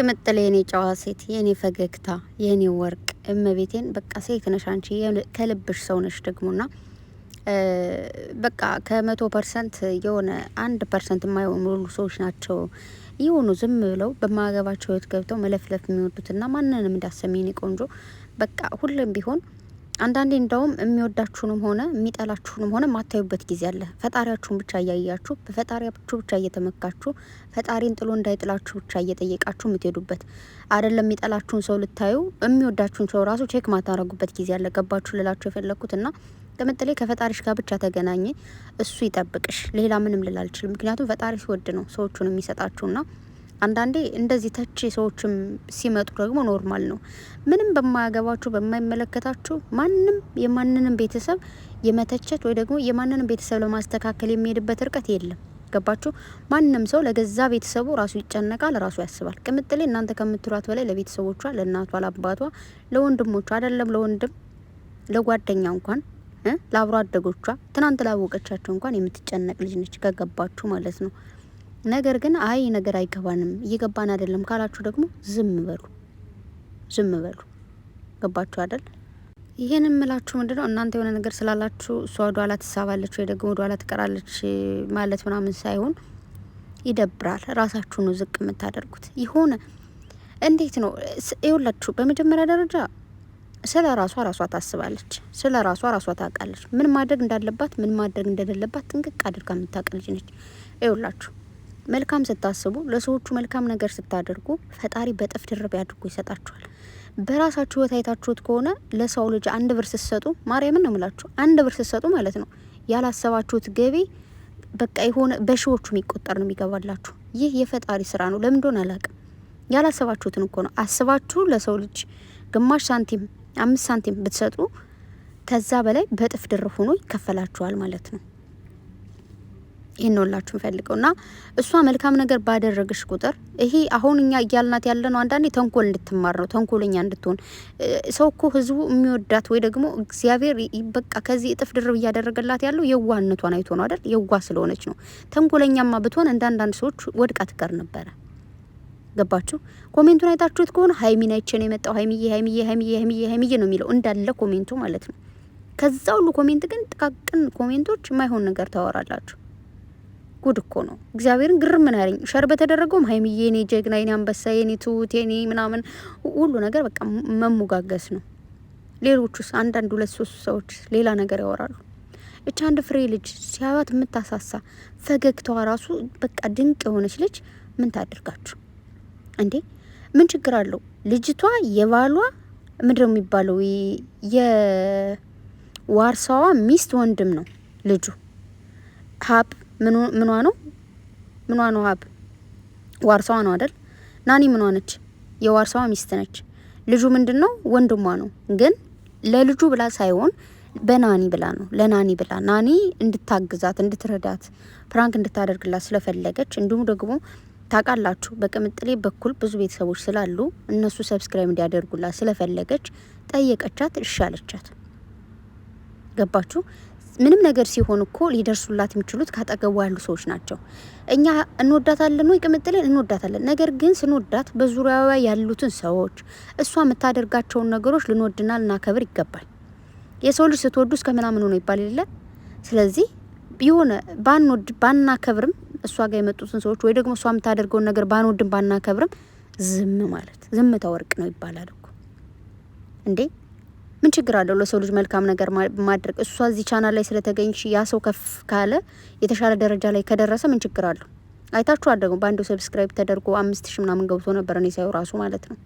ቅምጥል የኔ ጨዋ ሴት የኔ ፈገግታ የኔ ወርቅ እመቤቴን በቃ ሴት ነሽ አንቺ ከልብሽ ሰው ነሽ ደግሞና በቃ ከመቶ ፐርሰንት የሆነ አንድ ፐርሰንት የማይሆኑ ሰዎች ናቸው ይሆኑ ዝም ብለው በማገባቸው ህይወት ገብተው መለፍለፍ የሚወዱትና ማንንም እንዳሰሚኔ ቆንጆ በቃ ሁሉም ቢሆን አንዳንዴ እንደውም የሚወዳችሁንም ሆነ የሚጠላችሁንም ሆነ ማታዩበት ጊዜ አለ። ፈጣሪያችሁን ብቻ እያያችሁ በፈጣሪያችሁ ብቻ እየተመካችሁ ፈጣሪን ጥሎ እንዳይጥላችሁ ብቻ እየጠየቃችሁ የምትሄዱበት አይደለም። የሚጠላችሁን ሰው ልታዩ የሚወዳችሁን ሰው ራሱ ቼክ ማታረጉበት ጊዜ አለ። ገባችሁ ልላችሁ የፈለግኩት እና ለምጥሌ ከፈጣሪሽ ጋር ብቻ ተገናኘ፣ እሱ ይጠብቅሽ። ሌላ ምንም ልል አልችልም። ምክንያቱም ፈጣሪ ሲወድ ነው ሰዎቹን የሚሰጣችሁና አንዳንዴ እንደዚህ ተቼ ሰዎችም ሲመጡ ደግሞ ኖርማል ነው። ምንም በማያገባችሁ በማይመለከታችሁ ማንም የማንንም ቤተሰብ የመተቸት ወይ ደግሞ የማንንም ቤተሰብ ለማስተካከል የሚሄድበት እርቀት የለም። ገባችሁ? ማንም ሰው ለገዛ ቤተሰቡ ራሱ ይጨነቃል፣ ራሱ ያስባል። ቅምጥሌ እናንተ ከምትሏት በላይ ለቤተሰቦቿ፣ ለእናቷ፣ ለአባቷ፣ ለወንድሞቿ አይደለም ለወንድም ለጓደኛ እንኳን ለአብሮ አደጎቿ ትናንት ላወቀቻቸው እንኳን የምትጨነቅ ልጅ ነች። ከገባችሁ ማለት ነው። ነገር ግን አይ ነገር አይገባንም እየገባን አይደለም ካላችሁ ደግሞ ዝም በሉ፣ ዝም በሉ። ገባችሁ አይደል? ይህን የምላችሁ ምንድነው እናንተ የሆነ ነገር ስላላችሁ እሷ ወደኋላ ትሳባለች ወይ ደግሞ ወደኋላ ትቀራለች ማለት ምናምን ሳይሆን ይደብራል። ራሳችሁ ነው ዝቅ የምታደርጉት። የሆነ እንዴት ነው ይውላችሁ። በመጀመሪያ ደረጃ ስለ ራሷ ራሷ ታስባለች። ስለ ራሷ ራሷ ታውቃለች። ምን ማድረግ እንዳለባት ምን ማድረግ እንደሌለባት ጥንቅቅ አድርጋ የምታውቅ ልጅ ነች። ይውላችሁ መልካም ስታስቡ፣ ለሰዎቹ መልካም ነገር ስታደርጉ ፈጣሪ በጥፍ ድርብ ያድርጎ ይሰጣችኋል። በራሳችሁ ህይወት አይታችሁት ከሆነ ለሰው ልጅ አንድ ብር ስትሰጡ፣ ማርያምን ነው ምላችሁ፣ አንድ ብር ስትሰጡ ማለት ነው ያላሰባችሁት ገቢ በቃ የሆነ በሺዎቹ የሚቆጠር ነው የሚገባላችሁ። ይህ የፈጣሪ ስራ ነው። ለምን አላውቅም። ያላሰባችሁትን እኮ ነው። አስባችሁ ለሰው ልጅ ግማሽ ሳንቲም አምስት ሳንቲም ብትሰጡ ከዛ በላይ በጥፍ ድርብ ሆኖ ይከፈላችኋል ማለት ነው። ይህን ወላችሁ ንፈልገው እና እሷ መልካም ነገር ባደረግሽ ቁጥር ይሄ አሁን እኛ እያልናት ያለ ነው። አንዳንዴ ተንኮል እንድትማር ነው፣ ተንኮለኛ እንድትሆን ሰው እኮ ህዝቡ የሚወዳት ወይ ደግሞ እግዚአብሔር በቃ ከዚህ እጥፍ ድርብ እያደረገላት ያለው የዋህነቷን አይቶ ነው አይደል? የዋ ስለሆነች ነው። ተንኮለኛማ ብትሆን እንደ አንዳንድ ሰዎች ወድቃ ትቀር ነበረ። ገባችሁ? ኮሜንቱን አይታችሁት ከሆነ ሀይሚን ነው የመጣው ሀይሚዬ ሀይሚዬ ሀይሚዬ ሀይሚዬ ሀይሚዬ ነው የሚለው እንዳለ ኮሜንቱ ማለት ነው። ከዛ ሁሉ ኮሜንት ግን ጥቃቅን ኮሜንቶች የማይሆን ነገር ታወራላችሁ። ጉድ እኮ ነው። እግዚአብሔርን ግርም ምን ያለኝ ሸር በተደረገውም ሀይሚዬ የኔ ጀግና፣ የኔ አንበሳ፣ የኔ ትሁት፣ ኔ ምናምን ሁሉ ነገር በቃ መሞጋገስ ነው። ሌሎቹስ አንዳንድ ሁለት ሶስት ሰዎች ሌላ ነገር ያወራሉ። እች አንድ ፍሬ ልጅ ሲያባት የምታሳሳ ፈገግታዋ ራሱ በቃ ድንቅ የሆነች ልጅ ምን ታደርጋችሁ እንዴ? ምን ችግር አለው? ልጅቷ የባሏ ምድር የሚባለው የዋርሳዋ ሚስት ወንድም ነው ልጁ ሀብ ምኗ ነው ምኗ ነው ሀብ ዋርሳዋ ነው አይደል? ናኒ ምኗ ነች? የዋርሳዋ ሚስት ነች። ልጁ ምንድን ነው ወንድሟ ነው። ግን ለልጁ ብላ ሳይሆን በናኒ ብላ ነው። ለናኒ ብላ ናኒ እንድታግዛት እንድትረዳት ፕራንክ እንድታደርግላት ስለፈለገች እንዲሁም ደግሞ ታውቃላችሁ በቅምጥሌ በኩል ብዙ ቤተሰቦች ስላሉ እነሱ ሰብስክራይብ እንዲያደርጉላት ስለፈለገች ጠየቀቻት፣ እሺ አለቻት። ገባችሁ? ምንም ነገር ሲሆን እኮ ሊደርሱላት የሚችሉት ካጠገቡ ያሉ ሰዎች ናቸው። እኛ እንወዳታለን ወይ ቅምጥሌን እንወዳታለን። ነገር ግን ስንወዳት በዙሪያዋ ያሉትን ሰዎች፣ እሷ የምታደርጋቸውን ነገሮች ልንወድና ልናከብር ይገባል። የሰው ልጅ ስትወዱ እስከ ምናምን ነው ይባል የለ። ስለዚህ የሆነ ባንወድ ባናከብርም እሷ ጋር የመጡትን ሰዎች ወይ ደግሞ እሷ የምታደርገውን ነገር ባንወድም ባናከብርም ዝም ማለት ዝምታ ወርቅ ነው ይባላል እኮ እንዴ ምን ችግር አለው ለሰው ልጅ መልካም ነገር ማድረግ? እሷ እዚህ ቻናል ላይ ስለተገኘች ያ ሰው ከፍ ካለ የተሻለ ደረጃ ላይ ከደረሰ ምን ችግር አለው? አይታችሁ አደረጉ። በአንዱ ሰብስክራይብ ተደርጎ አምስት ሺ ምናምን ገብቶ ነበር እኔ ሳይው ራሱ ማለት ነው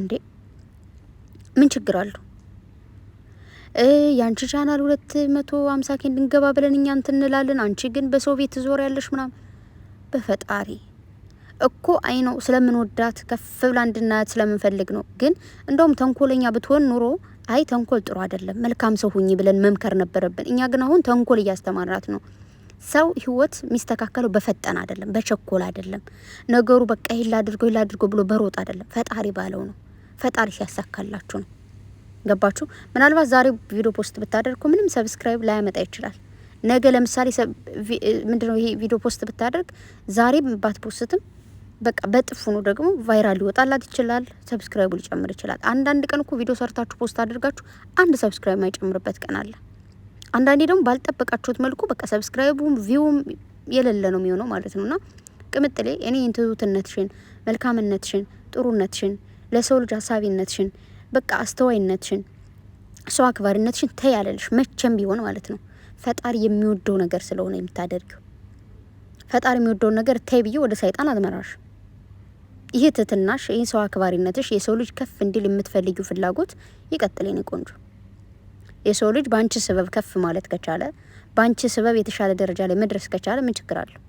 እንዴ ምን ችግር አለው? የአንቺ ቻናል ሁለት መቶ አምሳ ኬ እንድንገባ ብለን እኛ እንትን እንላለን። አንቺ ግን በሰው ቤት ዞር ያለሽ ምናምን በፈጣሪ እኮ አይ ነው ስለምንወዳት ከፍ ብላ እንድናያት ስለምንፈልግ ነው። ግን እንደውም ተንኮለኛ ብትሆን ኑሮ አይ ተንኮል ጥሩ አይደለም፣ መልካም ሰው ሁኚ ብለን መምከር ነበረብን። እኛ ግን አሁን ተንኮል እያስተማራት ነው። ሰው ህይወት የሚስተካከለው በፈጠን አይደለም፣ በቸኮል አይደለም። ነገሩ በቃ ይህ አድርጎ ይላ አድርጎ ብሎ በሮጥ አይደለም። ፈጣሪ ባለው ነው። ፈጣሪ ሲያሳካላችሁ ነው። ገባችሁ? ምናልባት ዛሬ ቪዲዮ ፖስት ብታደርጉ ምንም ሰብስክራይብ ላያመጣ ይችላል። ነገ ለምሳሌ ምንድነው ይሄ ቪዲዮ ፖስት ብታደርግ ዛሬ ባትፖስትም በቃ በጥፉኑ ደግሞ ቫይራል ሊወጣላት ይችላል። ሰብስክራይቡ ሊጨምር ይችላል። አንዳንድ ቀን እኮ ቪዲዮ ሰርታችሁ ፖስት አድርጋችሁ አንድ ሰብስክራይብ ማይጨምርበት ቀን አለ። አንዳንዴ ደግሞ ባልጠበቃችሁት መልኩ በቃ ሰብስክራይቡም ቪውም የሌለ ነው የሚሆነው ማለት ነውና ቅምጥሌ እኔ ትሁትነትሽን፣ መልካምነትሽን፣ ጥሩነትሽን፣ ለሰው ልጅ ሀሳቢነትሽን፣ በቃ አስተዋይነትሽን፣ ሰው አክባሪነትሽን ተያለልሽ መቼም ቢሆን ማለት ነው ፈጣሪ የሚወደው ነገር ስለሆነ የምታደርገው ፈጣሪ የሚወደውን ነገር ተይ ብዬ ወደ ሰይጣን አትመራሽ። ይሄ ትህትናሽ፣ ይህ ሰው አክባሪነትሽ፣ የሰው ልጅ ከፍ እንዲል የምትፈልጊው ፍላጎት ይቀጥል የኔ ቆንጆ። የሰው ልጅ በአንቺ ስበብ ከፍ ማለት ከቻለ፣ በአንቺ ስበብ የተሻለ ደረጃ ላይ መድረስ ከቻለ ምን ችግር አለው?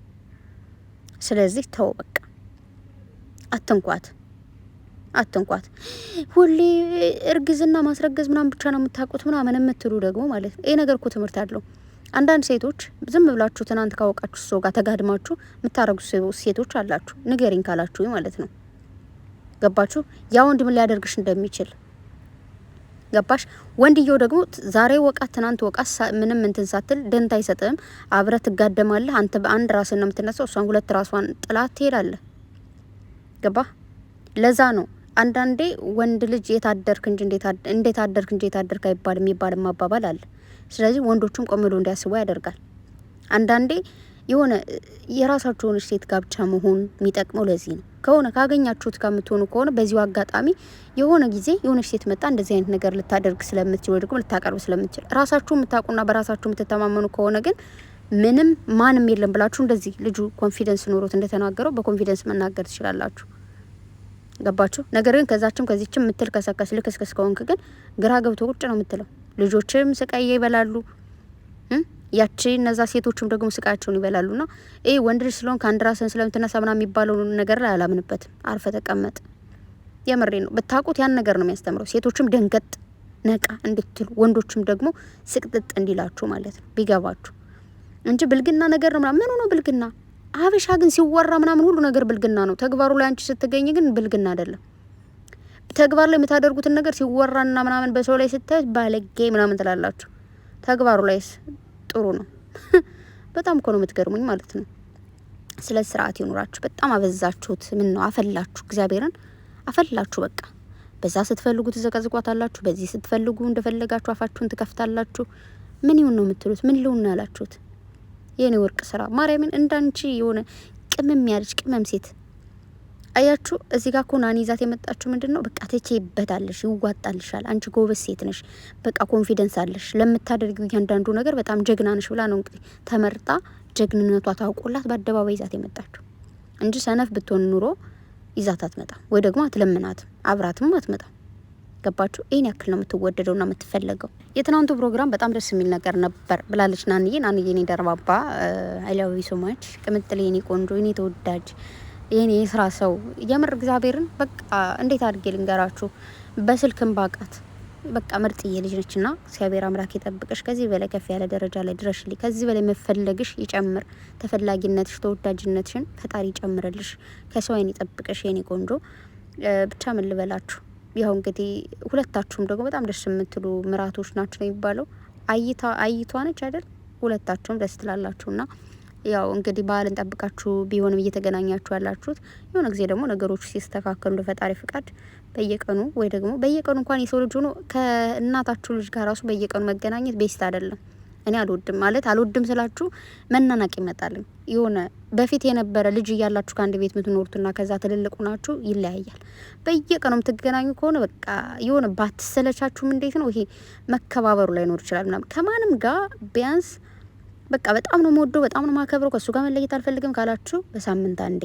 ስለዚህ ተው በቃ አትንኳት፣ አትንኳት። ሁሌ እርግዝና ማስረገዝ ምናምን ብቻ ነው የምታውቁት ምናምን የምትሉ ደግሞ ማለት ነው ይሄ ነገር እኮ ትምህርት አለው። አንዳንድ ሴቶች ዝም ብላችሁ ትናንት ካወቃችሁ ሰው ጋር ተጋድማችሁ የምታረጉ ሴቶች አላችሁ። ንገሪኝ ካላችሁ ማለት ነው። ገባችሁ? ያ ወንድ ምን ሊያደርግሽ እንደሚችል ገባሽ? ወንድየው ደግሞ ዛሬ ወቃት፣ ትናንት ወቃት፣ ምንም እንትን ሳትል ደንታ አይሰጥም። አብረ ትጋደማለህ። አንተ በአንድ ራስን ነው የምትነሳው፣ እሷን ሁለት ራሷን ጥላት ትሄዳለህ። ገባ? ለዛ ነው አንዳንዴ ወንድ ልጅ የታደርክ እንጂ እንዴት አደርክ እንጂ የታደርክ አይባልም የሚባልም አባባል አለ። ስለዚህ ወንዶቹም ቆም ብሎ እንዲያስቡ ያደርጋል። አንዳንዴ የሆነ የራሳቸውን የሆነች ሴት ጋብቻ መሆን የሚጠቅመው ለዚህ ነው። ከሆነ ካገኛችሁት ከምትሆኑ የምትሆኑ ከሆነ በዚሁ አጋጣሚ የሆነ ጊዜ የሆነች ሴት መጣ እንደዚህ አይነት ነገር ልታደርግ ስለምትችል ወይ ደግሞ ልታቀርብ ስለምትችል ራሳችሁ የምታውቁና በራሳችሁ የምትተማመኑ ከሆነ ግን ምንም ማንም የለም ብላችሁ እንደዚህ ልጁ ኮንፊደንስ ኖሮት እንደተናገረው በኮንፊደንስ መናገር ትችላላችሁ። ገባችሁ? ነገር ግን ከዛችም ከዚችም ምትል ከሰከስ ልክስክስ ከሆንክ ግን ግራ ገብቶ ቁጭ ነው የምትለው። ልጆችም ስቃዬ ይበላሉ። ያቺ እነዛ ሴቶችም ደግሞ ስቃያቸውን ና ይህ ወንድ ልጅ ስለሆን ከአንድ ራስን ስለምትነሳ ምና የሚባለው ነገር ላይ አላምንበትም። አርፈ ተቀመጥ። የምሬ ነው። ብታውቁት ያን ነገር ነው የሚያስተምረው። ሴቶችም ደንገጥ ነቃ እንድትሉ፣ ወንዶችም ደግሞ ስቅጥጥ እንዲላችሁ ማለት ነው ቢገባችሁ እንጂ ብልግና ነገር ነው ምናምን። ምን ነው ብልግና? ሀበሻ ግን ሲወራ ምናምን ሁሉ ነገር ብልግና ነው። ተግባሩ ላይ አንቺ ስትገኝ ግን ብልግና አይደለም። ተግባር ላይ የምታደርጉትን ነገር ሲወራና ምናምን በሰው ላይ ስታዩት ባለጌ ምናምን ትላላችሁ። ተግባሩ ላይስ ጥሩ ነው። በጣም እኮ ነው የምትገርሙኝ ማለት ነው። ስለ ስርዓት ይኑራችሁ። በጣም አበዛችሁት። ምን ነው አፈላችሁ፣ እግዚአብሔርን አፈላችሁ። በቃ በዛ ስትፈልጉ ትዘቀዝቋታላችሁ፣ በዚህ ስትፈልጉ እንደፈለጋችሁ አፋችሁን ትከፍታላችሁ። ምን ይሁን ነው የምትሉት? ምን ልሁን ያላችሁት? የኔ ወርቅ ስራ ማርያምን እንዳንቺ የሆነ ቅመም ያለች ቅመም ሴት አያችሁ እዚህ ጋር እኮ ናኒ ይዛት የመጣችሁ ምንድን ነው? በቃ ትቼበታለሽ፣ ይዋጣልሻል፣ አንቺ ጎበዝ ሴት ነሽ፣ በቃ ኮንፊደንስ አለሽ፣ ለምታደርጊው እያንዳንዱ ነገር በጣም ጀግና ነሽ ብላ ነው እንግዲህ ተመርጣ ጀግንነቷ ታውቆላት በአደባባይ ይዛት የመጣችሁ እንጂ ሰነፍ ብትሆን ኑሮ ይዛት አትመጣ፣ ወይ ደግሞ አትለምናትም፣ አብራትም አትመጣ። ገባችሁ? ይህን ያክል ነው የምትወደደው ና የምትፈለገው። የትናንቱ ፕሮግራም በጣም ደስ የሚል ነገር ነበር ብላለች ናንዬ። ናንዬ ኔ ደርባባ አይላዊ ሶማች ቅምጥል የኔ ቆንጆ የኔ ተወዳጅ የኔ የስራ ሰው የምር እግዚአብሔርን በቃ እንዴት አድርጌ ልንገራችሁ። በስልክም ባቃት በቃ ምርጥዬ ልጅ ነች ና እግዚአብሔር አምላክ የጠብቅሽ፣ ከዚህ በላይ ከፍ ያለ ደረጃ ላይ ድረሽልኝ። ከዚህ በላይ መፈለግሽ ይጨምር፣ ተፈላጊነትሽ ተወዳጅነትሽን ፈጣሪ ይጨምርልሽ፣ ከሰው አይን ይጠብቅሽ። የኔ ቆንጆ ብቻ ምን ልበላችሁ፣ ያው እንግዲህ ሁለታችሁም ደግሞ በጣም ደስ የምትሉ ምራቶች ናቸው የሚባለው። አይታ አይቷ ነች አይደል? ሁለታችሁም ደስ ትላላችሁና ያው እንግዲህ ባህልን ጠብቃችሁ ቢሆንም እየተገናኛችሁ ያላችሁት የሆነ ጊዜ ደግሞ ነገሮች ሲስተካከሉ እንደ ፈጣሪ ፍቃድ በየቀኑ ወይ ደግሞ በየቀኑ እንኳን የሰው ልጅ ሆኖ ከእናታችሁ ልጅ ጋር ራሱ በየቀኑ መገናኘት ቤስት አይደለም። እኔ አልወድም ማለት አልወድም ስላችሁ መናናቅ ይመጣልኝ የሆነ በፊት የነበረ ልጅ እያላችሁ ከአንድ ቤት የምትኖሩትና ከዛ ትልልቁ ናችሁ ይለያያል። በየቀኑ የምትገናኙ ከሆነ በቃ የሆነ ባትሰለቻችሁም እንዴት ነው ይሄ መከባበሩ ላይኖር ይችላል ምናምን ከማንም ጋር ቢያንስ በቃ በጣም ነው የምወደው፣ በጣም ነው የማከብረው፣ ከእሱ ጋር መለየት አልፈልግም ካላችሁ በሳምንት አንዴ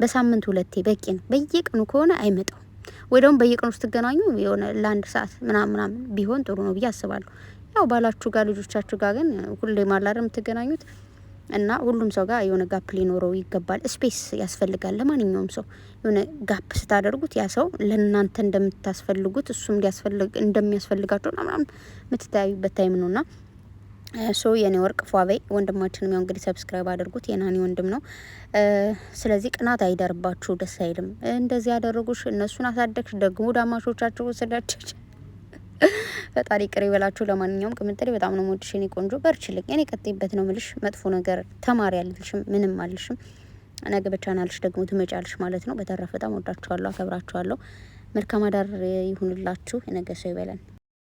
በሳምንት ሁለቴ በቂ ነው። በየቀኑ ከሆነ አይመጣው ወይ ደግሞ በየቀኑ ስትገናኙ የሆነ ለአንድ ሰዓት ምናምን ምናምን ቢሆን ጥሩ ነው ብዬ አስባለሁ። ያው ባላችሁ ጋር ልጆቻችሁ ጋር ግን ሁሌ ማላደር የምትገናኙት እና ሁሉም ሰው ጋር የሆነ ጋፕ ሊኖረው ይገባል። ስፔስ ያስፈልጋል። ለማንኛውም ሰው የሆነ ጋፕ ስታደርጉት ያ ሰው ለእናንተ እንደምታስፈልጉት እሱም እንደሚያስፈልጋቸው ምናምን የምትተያዩበት ታይም ነውና እሱ የኔ ወርቅ ፏበይ ወንድማችንም ያው እንግዲህ ሰብስክራይብ አድርጉት። የናኒ ወንድም ነው። ስለዚህ ቅናት አይደርባችሁ፣ ደስ አይልም። እንደዚህ ያደረጉሽ እነሱን አሳደግሽ፣ ደግሞ ዳማሾቻቸው ወሰዳችች። ፈጣሪ ቅሪ ይበላችሁ። ለማንኛውም ቅምጥሌ በጣም ነው የምወድሽ የኔ ቆንጆ፣ በርችልኝ። እኔ ቀጥይበት ነው ምልሽ። መጥፎ ነገር ተማሪ አልልሽም፣ ምንም አልልሽም። ነገ በቻናልሽ ደግሞ ትመጫልሽ ማለት ነው። በተረፈ በጣም ወዳችኋለሁ፣ አከብራችኋለሁ። መልካም አዳር ይሁንላችሁ። የነገ ሰው ይበለን።